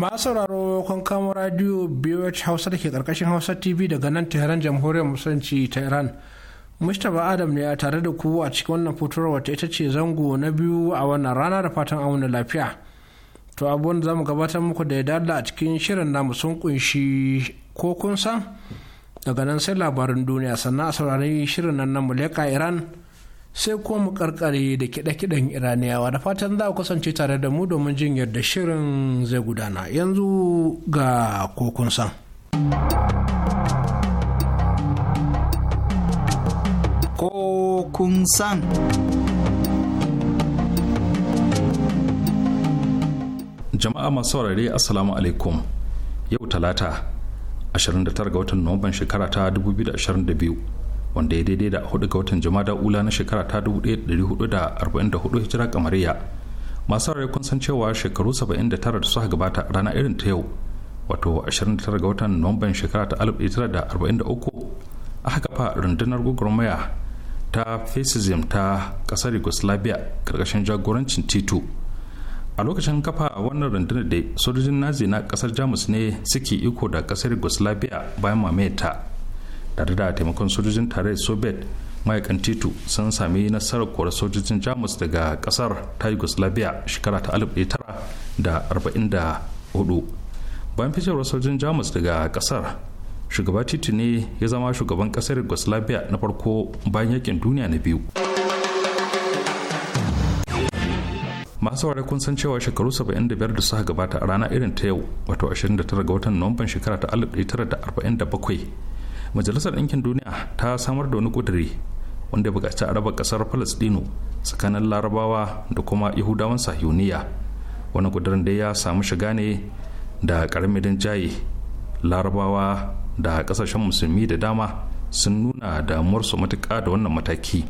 masu sauraro kan kama radio BOH Hausa da ke karkashin Hausa TV daga nan Tehran jamhuriyar musulunci ta Iran. Mustapha Adam ne a tare da ku a cikin wannan fitowar wata ita ce zango na biyu a wannan rana da fatan auna lafiya. To abubuwan da mu gabatar muku da ya dala a cikin shirin na sun kunshi ko kun san daga nan sai labarin duniya sannan a saurari shirin nan na muleka Iran. sai kuma mu karkare da kiɗe-kiɗen iraniyawa da fatan za ku kasance tare da mu domin jin yadda shirin zai gudana yanzu ga kokun san kokun san jama'a masu saurari assalamu alaikum yau talata 29 ga watan nuwamban shekara ta 2022 wanda ya daidai da hudu ga watan jama'a ula na shekara ta 1444 hijira kamariya masu rai kun san cewa shekaru 79 da suka gabata rana irin ta yau wato 29 ga watan nuwamban shekara ta 1943 aka kafa rundunar gwagwarmaya ta fascism ta kasar yugoslavia karkashin jagorancin tito a lokacin kafa a wannan rundunar da sojojin nazi na kasar jamus ne suke iko da kasar yugoslavia bayan mamayata tare da taimakon sojojin tare soviet ma'aikan titu sun sami nasarar kora sojojin jamus daga kasar ta yugoslavia shekara ta 1944 bayan fitowar sojojin jamus daga kasar shugaba titu ne ya zama shugaban kasar yugoslavia na farko bayan yakin duniya na biyu masu ware kun san cewa shekaru 75 da suka gabata a rana irin ta yau wato 29 ga watan nuwamban shekara ta 1947 majalisar ɗinkin duniya ta samar da wani ƙuduri wanda ya buƙaci a raba ƙasar palestino tsakanin larabawa da kuma yahudawan sahiyuniya wani ƙudurin da ya samu shiga ne da ƙaramin jaye larabawa da ƙasashen musulmi da dama sun nuna damuwarsu matuƙa da wannan mataki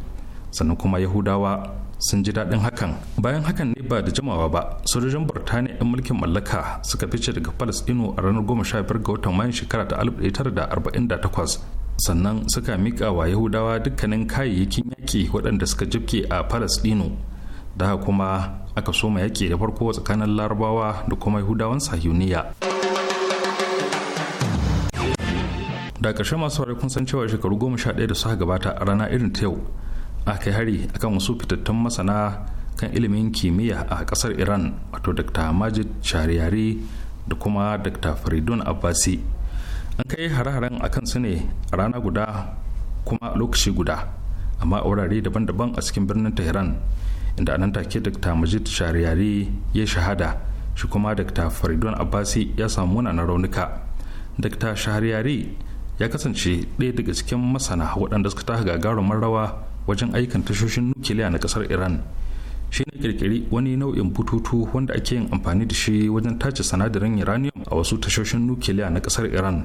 sannan kuma yahudawa sun ji daɗin hakan bayan hakan ne ba da jimawa ba sojojin burtaniya 'yan mulkin mallaka suka fice daga palestino a ranar 15 ga watan mayun shekara ta 1948 sannan suka miƙa wa yahudawa dukkanin kayayyakin yaƙi waɗanda suka jibke a palestino da kuma aka soma yaƙi da farko tsakanin larabawa da kuma yahudawan sahiyuniya da karshe masu kun san cewa shekaru goma sha ɗaya da suka gabata a rana irin ta yau a kai hari akan wasu fitattun masana kan ilimin kimiyya a kasar iran wato dr majid shariyari da kuma dr faridun abbasi an kai hare-haren akan su ne a rana guda kuma lokaci guda amma a wurare daban-daban a cikin birnin tehran inda nan take dr majid shariyari ya shahada shi kuma dr faridun abbasi ya samu munanan raunuka dr shariyari ya kasance ɗaya daga cikin masana waɗanda suka taka gagarumar rawa wajen ayyukan tashoshin nukiliya na kasar iran shi ne kirkiri wani nau'in bututu wanda ake yin amfani da shi wajen tace sanadarin uranium a wasu tashoshin nukiliya na kasar iran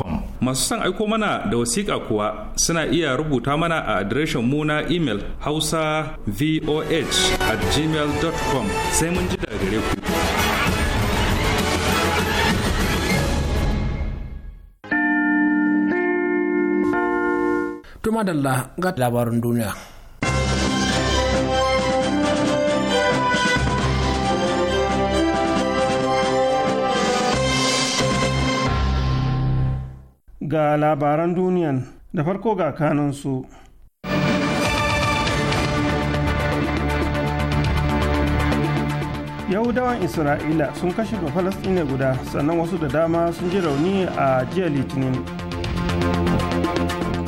com Masu son aiko mana da wasiƙa kuwa suna iya rubuta mana a adireshin mu na imel hausa voh at com sai mun ji daga gare ku. Tuma da ga labarin duniya. ga labaran duniyan da farko ga kanansu. yahudawan isra'ila sun kashe ba falastine guda sannan wasu da dama sun ji rauni a jiya litinin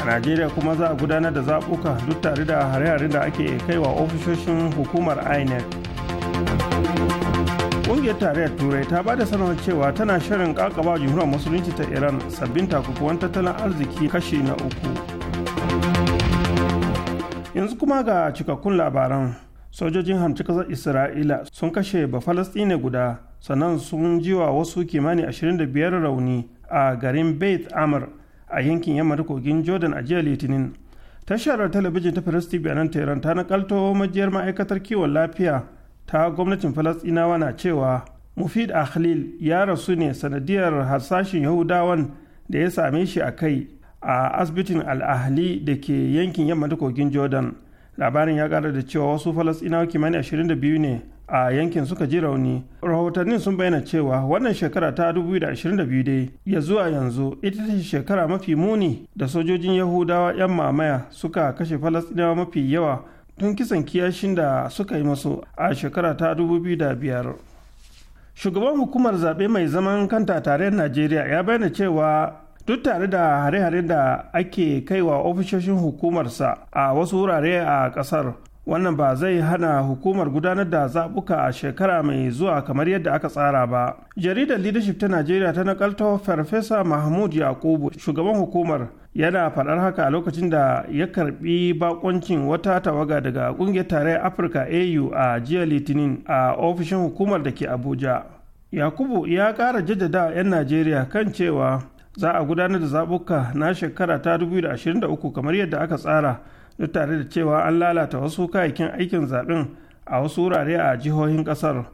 a najeriya kuma za a gudanar da zaɓuka duk tare da hare-hare da ake kaiwa ofisoshin hukumar inec Ƙungiyar tarayyar Turai ta ba da sanarwar cewa tana shirin kakaba jihuwar musulunci ta Iran sabbin takukuwan tattalin arziki kashi na uku. Yanzu kuma ga cikakkun labaran. Sojojin hamci kasar Isra'ila sun kashe Bafalastine guda sannan sun jiwa wasu kimani 25 rauni a garin Beit Amr a yankin yamma da kogin Jordan a jiya Litinin. Tashar talabijin ta Firisti bayanan ta nakalto majiyar ma'aikatar kiwon lafiya ta gwamnatin falasɗinawa na cewa mufid ahlil ya rasu ne sanadiyar harsashin yahudawan da ya same shi a kai a asibitin al'ahli da ke yankin yamma da kogin jordan labarin ya kara da cewa wasu falasɗinawa kimanin 22 ne a yankin suka ji rauni rahotannin sun bayyana cewa wannan shekara ta 2022 dai ya zuwa yanzu ita ce shekara mafi muni da sojojin yahudawa 'yan mamaya suka kashe falasɗinawa mafi yawa tun kisan kiyashin da suka yi masu a shekara ta dubu biyu da biyar shugaban hukumar zaɓe mai zaman kanta tarayyar najeriya ya bayyana cewa duk tare da hare-hare da ake kaiwa ofishoshin hukumarsa a wasu wurare a ƙasar. wannan ba zai hana hukumar gudanar da zabuka a shekara mai zuwa kamar yadda aka tsara ba jaridar leadership ta najeriya ta nakalto farfesa mahmud yakubu shugaban hukumar yana faɗar haka a lokacin da ya karbi bakoncin wata tawaga daga ƙungiyar tarayyar afirka au a jiya litinin a ofishin hukumar da ke abuja yakubu ya ƙara jaddada 'yan najeriya kan cewa za a gudanar da zabuka na shekara ta 2023 kamar yadda aka tsara duk tare da cewa an lalata wasu kayayyakin aikin zaɓen a wasu wurare a jihohin ƙasar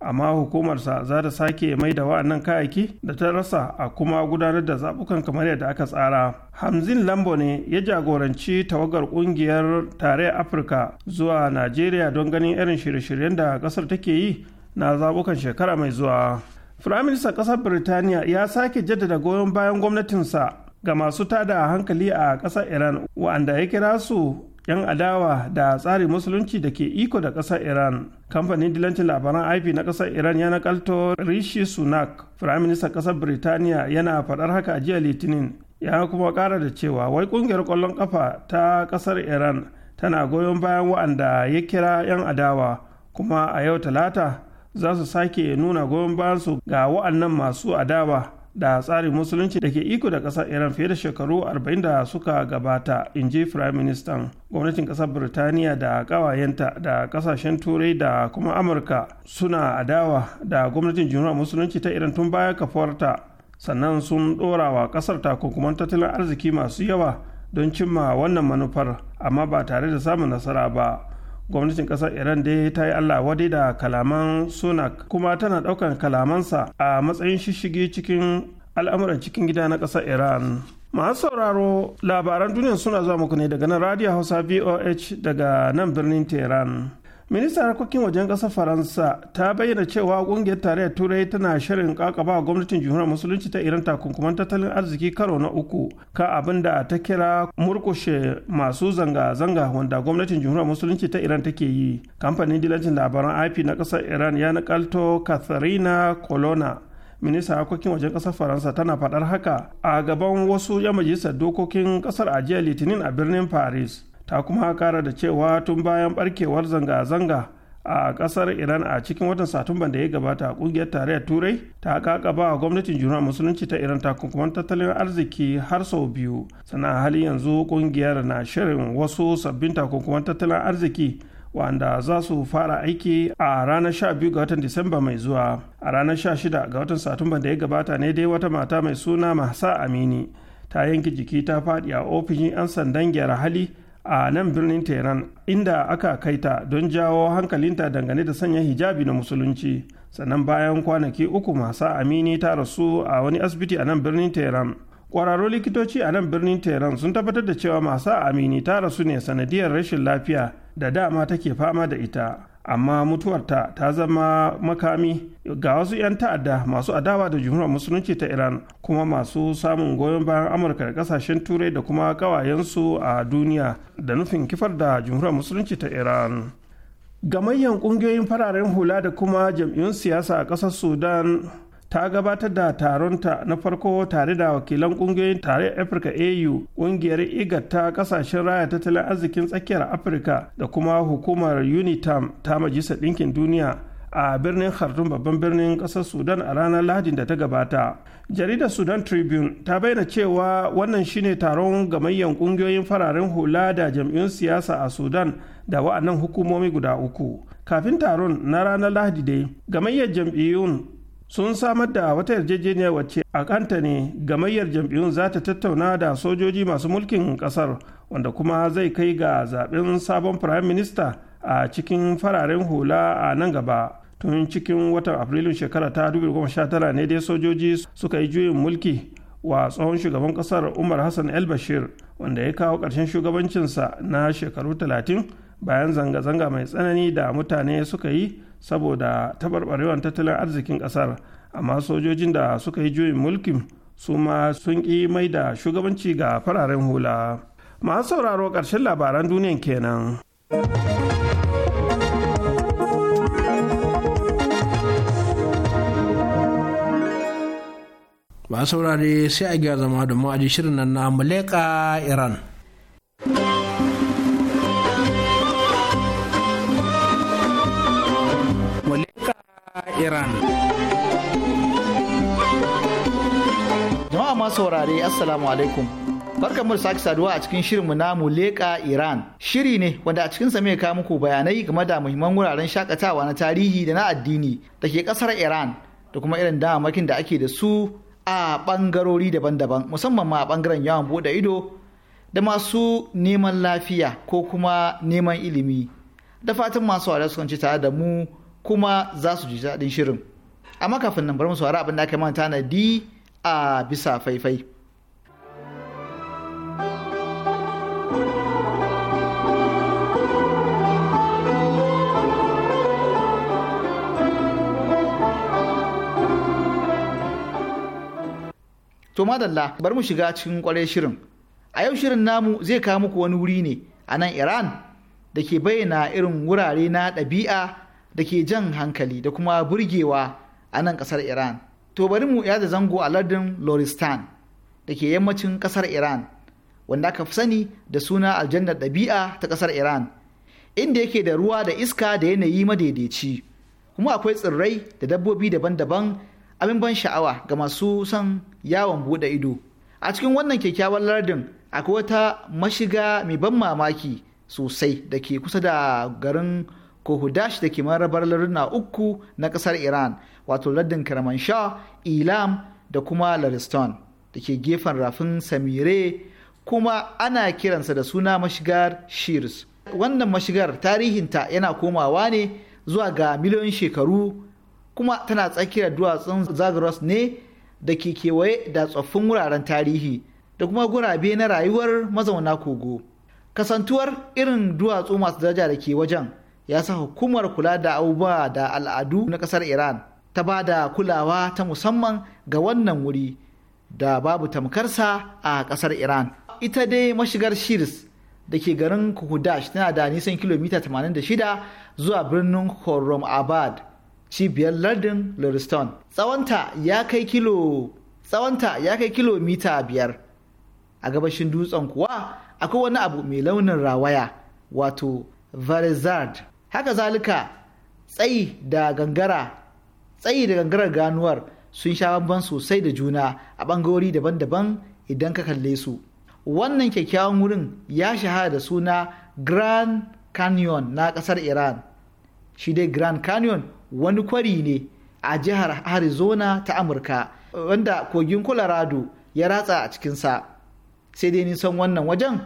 amma hukumarsa za ta sake mai da wa'annan kayayyaki da ta rasa a kuma gudanar da zaɓukan kamar yadda aka tsara hamzin lambo ne ya jagoranci tawagar ƙungiyar tare afirka zuwa najeriya don ganin irin shirye-shiryen da ƙasar take yi na zabukan shekara mai zuwa firaministan ƙasar birtaniya ya sake jaddada goyon bayan gwamnatinsa ga masu tada hankali a ƙasar iran wa'anda ya kira su 'yan adawa da tsari musulunci da ke iko da ƙasar iran kamfanin dilancin labaran ip na ƙasar iran ya nakalto rishi sunak firaministan ƙasar biritaniya yana faɗar haka a jiya litinin ya kuma ƙara da cewa wai ƙungiyar ƙwallon ƙafa ta ƙasar iran tana goyon bayan wa'anda ya kira 'yan adawa kuma a yau talata za su sake nuna goyon bayansu ga wa'annan masu adawa da tsarin musulunci da ke iko da ƙasar iran fiye da shekaru 40 da suka gabata in ji firayim ministan gwamnatin ƙasar birtaniya da ƙawayenta da ƙasashen turai da kuma amurka suna adawa da gwamnatin jumhuriyar musulunci ta iran tun baya kafuwarta sannan sun ɗora wa ƙasar takunkuman tattalin arziki masu yawa don cimma wannan manufar amma ba tare da samun nasara ba gwamnatin kasar iran dai ta yi allah wadai da kalaman sunak kuma tana daukan kalamansa a matsayin shishigi cikin al'amuran cikin gida na kasar iran masu sauraro labaran duniya suna zuwa muku ne daga nan radio hausa voh daga nan birnin tehran ministan harkokin wajen ƙasar faransa ta bayyana cewa ƙungiyar tarayyar turai tana shirin kakaba gwamnatin jihunar musulunci ta iran takunkuman tattalin arziki karo na uku ka abin da ta kira murkushe masu zanga-zanga wanda gwamnatin jihunar musulunci ta iran take yi kamfanin dilancin labaran ip na ƙasar iran ya nakalto katharina colonna minista harkokin wajen kasar faransa tana faɗar haka a gaban wasu 'yan majalisar dokokin ƙasar a litinin a birnin paris ta kuma kara da cewa tun bayan barkewar zanga-zanga a kasar iran a cikin watan satumban da ya gabata kungiyar tarayyar turai ta kakaba a gwamnatin juna musulunci ta iran kuma tattalin arziki har sau biyu sana hali yanzu kungiyar na shirin wasu sabbin takunkuman tattalin arziki wanda za su fara aiki a ranar 12 ga watan disamba mai zuwa a ranar 16 ga watan satumban da ya gabata ne dai wata mata mai suna mahsa amini ta yanke jiki ta faɗi a ofishin 'yan sandan gyara hali a nan birnin tehran inda aka kaita don jawo hankalinta dangane da sanya hijabi na musulunci sannan bayan kwanaki uku masa amini ta rasu a wani asibiti a nan birnin tehran kwararru likitoci a nan birnin tehran sun tabbatar da cewa masa amini ta rasu ne sanadiyar rashin lafiya da dama take fama da ita amma mutuwarta ta zama makami ga wasu 'yan ta'adda masu adawa da jumhuriyar musulunci ta iran kuma masu samun goyon bayan amurka da kasashen turai da kuma kawayensu a duniya da nufin kifar da jumhuriyar musulunci ta iran gamayyan kungiyoyin fararen hula da kuma jam'iyyun siyasa a ƙasar sudan ta gabatar da taronta na farko tare da wakilan kungiyoyin tare afirka au kungiyar igat ta kasashen raya tattalin arzikin tsakiyar afirka da kuma hukumar unitam ta majalisar ɗinkin duniya a birnin khartoum babban birnin ƙasar sudan a ranar lahadin da ta gabata jaridar sudan tribune ta bayyana cewa wannan shine taron gamayyan kungiyoyin fararen hula da jam'iyyun siyasa a sudan da wa'annan hukumomi guda uku kafin taron na ranar lahadi dai gamayyar jam'iyyun sun samar da wata yarjejeniya wacce a kanta ne gamayyar jam'iyyun za ta tattauna da sojoji masu mulkin kasar wanda kuma zai kai ga zaben sabon prime minister a cikin fararen hula a nan gaba tun cikin watan afrilun shekara ta 2019 ne dai sojoji suka yi juyin mulki wa tsohon shugaban kasar umar hassan el bashir wanda ya kawo ƙarshen shugabancinsa na shekaru 30 bayan zanga-zanga mai tsanani da mutane suka yi saboda tabarbarewar tattalin arzikin ƙasar amma sojojin da suka yi juyin mulkin su ma sun ƙi mai da shugabanci ga fararen hula masu sauraro ƙarshen labaran duniyan kenan. ba saurare sai a gyara zama da ma'aji shirin nan na muleka iran iran jama'a masu saurare assalamu alaikum barkan mu sake saduwa a cikin mu na leƙa iran shiri ne wanda a cikin mai kawo muku bayanai game da muhimman wuraren shakatawa na tarihi da na addini da ke ƙasar iran da kuma irin damamakin da ake da su a ɓangarori daban-daban musamman ma a ɓangaren yawon bude ido da masu neman lafiya ko kuma neman ilimi da fatan masu wada su ci tare da mu kuma za su ji daɗin shirin amma kafin nan bari mu saurari abin da aka manta na di a bisa faifai To madalla bari mu shiga cikin kwarai shirin. A yau shirin namu zai kawo muku wani wuri ne a nan Iran da ke bayyana irin wurare na ɗabi'a da ke jan hankali da kuma burgewa a nan kasar iran to bari mu yada zango a lardin loristan da ke yammacin kasar iran wanda aka fi sani da suna aljannar ɗabi'a ta kasar iran inda yake da ruwa da iska da yanayi madaidaici kuma akwai tsirrai da dabbobi daban-daban abin ban sha'awa ga masu son yawon buɗe ido a cikin wannan kyakkyawan lardin akwai wata mashiga mai ban mamaki sosai da ke kusa da garin ko hudash da ke rabar larduna uku na kasar iran wato lardin Karamansha, ilam da kuma lariston da ke gefen rafin samire kuma ana kiransa da suna mashigar shirs wannan mashigar tarihinta yana komawa ne zuwa ga miliyoyin shekaru kuma tana tsakiyar duwatsun zagros ne da ke kewaye da tsoffin wuraren tarihi da kuma gurabe na rayuwar mazauna kogo kasantuwar irin duwatsu masu daraja da ke wajen ya sa hukumar kula da abubuwa da al'adu na kasar iran ta ba da kulawa ta musamman ga wannan wuri da babu tamkarsa a kasar iran ita dai mashigar shirs da ke garin kuhudash tana da nisan kilomita 86 zuwa birnin horom abad cibiyar lardin lariston tsawonta ya kai kilo tsawonta kilomita biyar a gabashin dutsen kuwa akwai wani abu mai launin rawaya wato verizard haka zalika tsayi da gangara tsayi da gangarar ganuwar sun sha bamban sosai da juna a ɓangarori daban-daban idan ka kalle su wannan kyakkyawan wurin ya shahara da suna grand canyon na ƙasar iran shi dai grand canyon wani kwari ne a jihar arizona ta amurka wanda kogin colorado ya ratsa a cikinsa sai dai nisan wannan wajen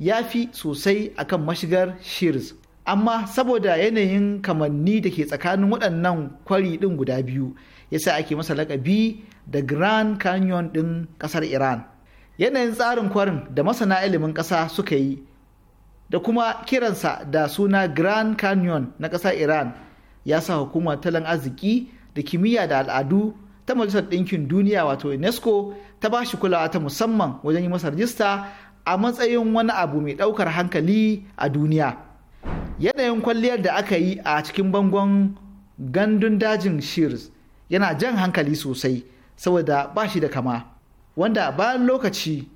ya fi sosai akan mashigar shears amma saboda yanayin kamanni da ke tsakanin waɗannan kwari ɗin guda biyu ya yasa ake masa lakabi da grand canyon ɗin ƙasar iran yanayin tsarin kwarin da masana ilimin ƙasa suka yi da kuma kiransa da suna grand canyon na ƙasar iran ya sa hukumar talan arziki da kimiyya da al'adu ta majalisar ɗinkin duniya wato unesco ta ba shi kulawa ta musamman wajen yi masa rajista a matsayin wani abu mai ɗaukar hankali a duniya. yanayin kwalliyar da aka yi a cikin bangon gandun dajin shears yana jan hankali sosai saboda ba shi da kama wanda bayan lokaci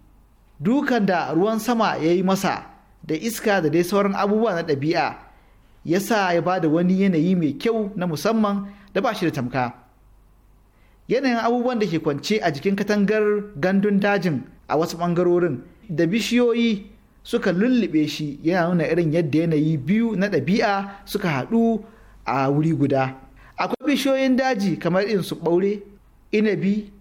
dukan da ruwan sama ya yi masa da iska da dai sauran abubuwa na ɗabi'a ya sa ya ba da wani yanayi mai kyau na musamman da ba shi da tamka yanayin abubuwan da ke kwance a jikin katangar gandun dajin a wasu ɓangarorin da bishiyoyi suka lullube shi yana nuna irin yadda yanayi biyu na ɗabi'a suka haɗu a wuri guda akwai bishiyoyin daji kamar in su ɓaure inabi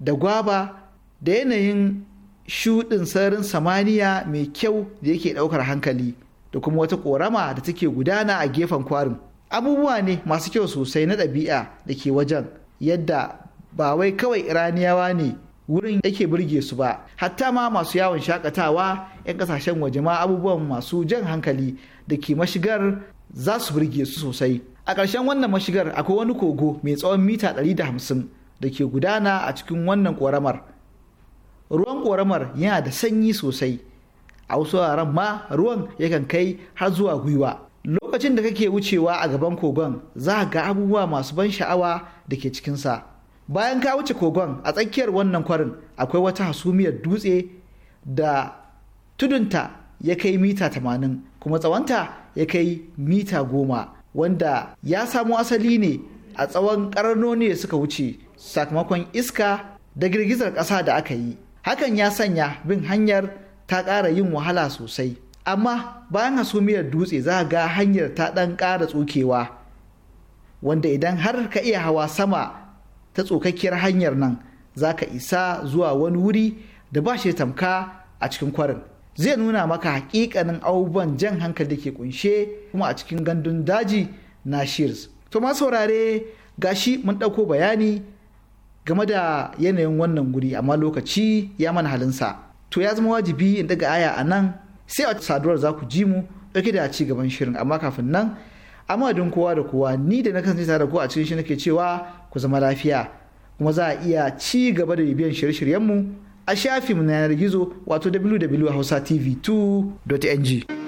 da gwaba da yanayin shuɗin sararin samaniya mai kyau da yake ɗaukar hankali da kuma wata ƙorama da take gudana a gefen kwarin abubuwa ne masu kyau sosai na ɗabi'a da ke wajen yadda ba wai kawai iraniyawa ne wurin yake burge su ba hatta ma masu yawon shakatawa 'yan kasashen waje ma abubuwan masu jan hankali da ke mashigar za su burge su sosai a ƙarshen wannan mashigar akwai wani kogo mai tsawon mita 150 da ke gudana a cikin wannan ƙoramar ruwan ƙoramar yana da sanyi sosai a wasu wuraren ma ruwan yakan kai har zuwa gwiwa lokacin da kake wucewa a gaban kogon za ga abubuwa masu ban sha'awa da ke cikinsa bayan ka wuce kogon a tsakiyar wannan kwarin akwai wata hasumiyar dutse da tudunta ya kai mita tamanin kuma tsawonta ya kai mita goma wanda ya samo asali ne a tsawon ƙarnoni da suka wuce sakamakon iska da girgizar ƙasa da aka yi hakan ya sanya bin hanyar ta ƙara yin wahala sosai amma bayan hasumiyar dutse za ga hanyar ta ɗan ƙara tsukewa wanda idan har ka iya hawa sama ta tsokakkiyar hanyar nan za ka isa zuwa wani wuri da ba shi tamka a cikin kwarin zai nuna maka hakikanin abubuwan jan hankali da ke kunshe kuma a cikin gandun daji na shears to ma saurare gashi mun ɗauko bayani game da yanayin wannan guri amma lokaci ya mana halinsa to ya zama wajibi in daga aya a nan sai a saduwar za ku ji mu ɗauke da ci gaban shirin amma kafin nan amma don kowa da kowa ni da na kasance tare da ku a cikin shi nake cewa ku zama lafiya kuma za a iya ci gaba da bibiyan shirye-shiryenmu a shafinmu na yanar gizo wato www.hausatv2.ng.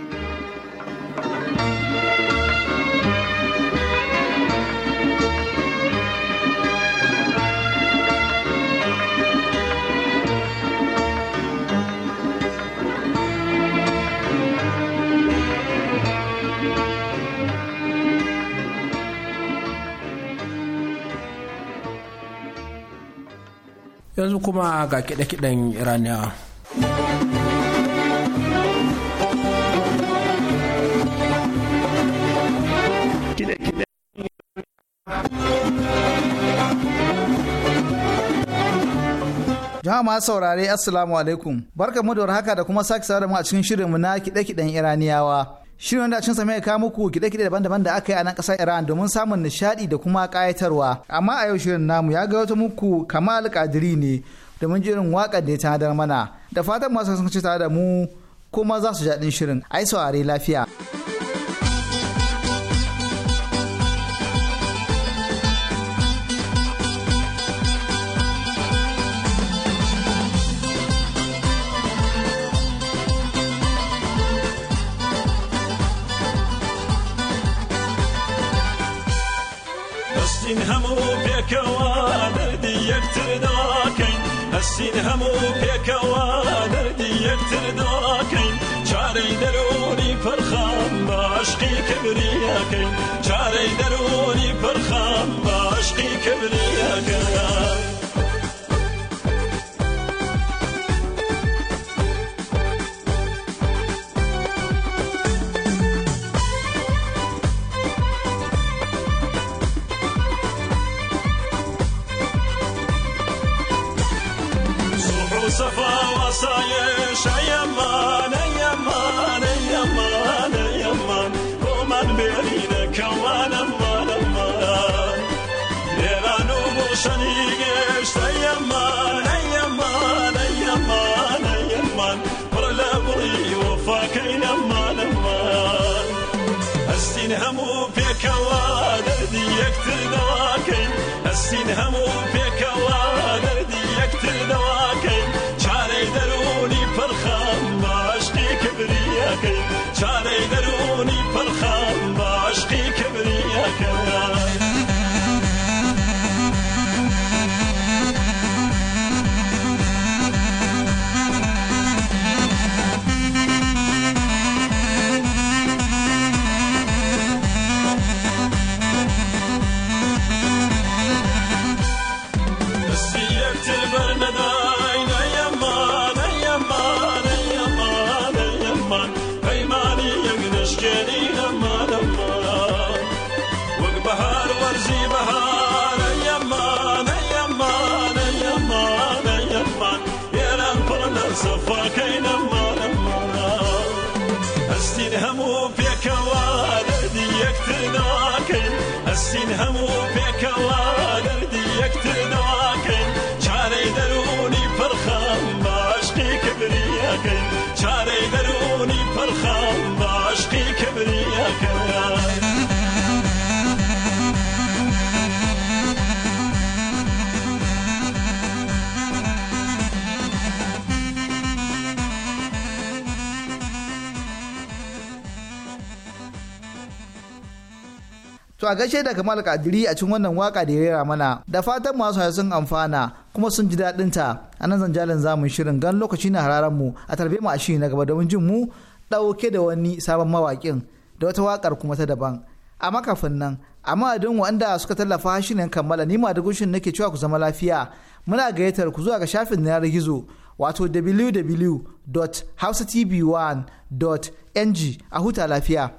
yanzu kuma ga kiɗe-kiɗen iraniya jama'a masu saurare assalamu alaikum barka mu da haka da kuma sake saurare mu a cikin shirinmu na kiɗe-kiɗen iraniyawa Shirin da cin samai kawo muku kide-kide daban-daban da aka yi a nan ƙasar Iran domin samun nishaɗi da kuma ƙayatarwa. Amma a yau shirin namu ya ga wata muku Kamal Kadiri ne domin jirin waƙar da ya tanadar mana. Da fatan masu ci tare da mu kuma za su jaɗin shirin. Ai saurari lafiya. پێکەوانردی یەکتر داکەین ئەسین هەموو پێکەوانردی یەکتر داکەین چارەی دەرۆری پرخام باشقی کبریەکەین چارەی دەرۆری پرخام باشقی کبریەکەن یەکتر دەواکەین ئەسین هەموو پێکەوا دەردی یەکتر دەواکەین چارەی دەرونی پرخەم باشی کبریەکەین چارەی دەر سین To a gaishe da Kamal Kadiri a cikin wannan waka da ya rera mana da fatan masu haya sun amfana kuma sun ji daɗin ta a nan zanjalin zamun shirin gan lokaci na hararen mu a tarbe mu a shi na gaba domin jin mu ɗauke da wani sabon mawaƙin da wata wakar kuma ta daban. A makafin nan amma adin wanda suka tallafa shirin kammala ni ma da gushin nake cewa ku zama lafiya muna gayyatar ku zuwa ga shafin na yanar gizo wato www.hausatv1.ng a huta lafiya.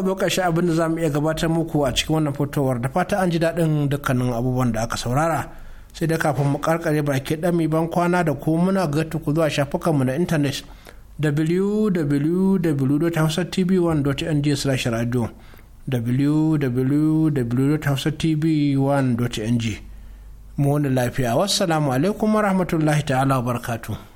muka zo ƙarshe abin da za mu iya gabatar muku a cikin wannan fitowar da fata an ji daɗin dukkanin abubuwan da aka saurara sai da kafin mu karkare baki ɗan ɗami ban kwana da ko muna ga ku zuwa shafukanmu na intanet www.hausatv1.ng/radio www.hausatv1.ng mu wani lafiya wassalamu alaikum rahmatullahi ta'ala wa barkatu.